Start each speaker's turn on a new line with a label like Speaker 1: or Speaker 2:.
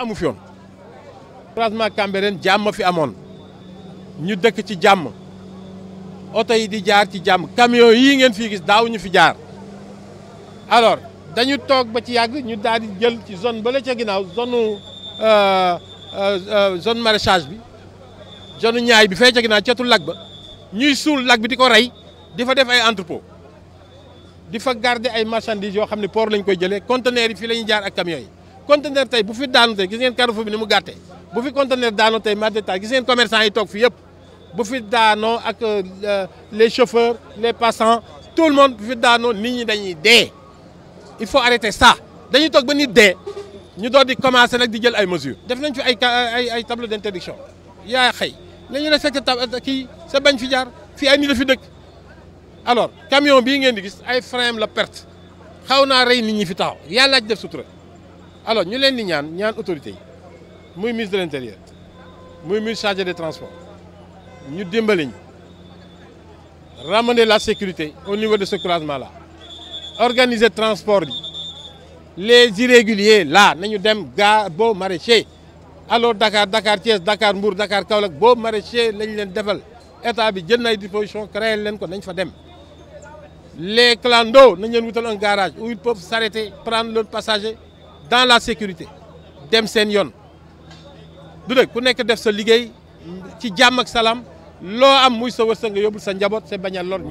Speaker 1: amu fi woon croisement Cambérène jàmm fi amoon ñu dëkk ci jàmm oto yi di jaar ci jàmm camion yii ngeen fii gis daaw ñu fi jaar alors dañu toog ba ci yàgg ñu daal jël ci zone bale la ca ginnaaw zone euh, euh, euh, zone maraîchage bi zone ñaay bi fee ca ginnaaw cetul lag ba ñuy suul lag bi di ko rey di fa def ay entrepôt di fa garder ay marchandises yoo xam ne port lañ koy jëlee conteneurs yi fi la ñuy jaar ak camions yi conteneur tay bu fi daanu tey gis ngeen Carrefour bi ni mu gatté bu fi conteneur daanu tay marché Ocass gis ngeen commerçant yi tok fi yëpp bu fi daanoo ak euh, les chauffeurs les passants tout le monde bu fi daanoo nit ñi dañuy dé il faut arrêter ça dañuy tok ba nit dé ñu doon di commencer nak di jël ay mesures. def nañ fi ay ay ay tableau d'interdiction xey lañu nañu respecté tab euh, ki sa bañ fi jaar fi ay nit la fi dëkk alors camion bi ngeen di gis ay frein la perte xawna naa rey nit ñi fi taw yalla def sutura alors nous les une ñaan autorité ministre de l'intérieur muy ministre chargé des transports nous devons ramener la sécurité au niveau de ce classement là organiser le transport les irréguliers là nous dem beau boo maraîcher alors Dakar Dakar Thiès Dakar mour Dakar Kaolack Beau maraîcher lañ leen des état bi jël disposition créer leen ko les clandos nous leen wutal un garage où ils peuvent s'arrêter prendre leurs passagers dans la sécurité dem sen yon. du ku nek def sa ci ak salam lo am muy sa lor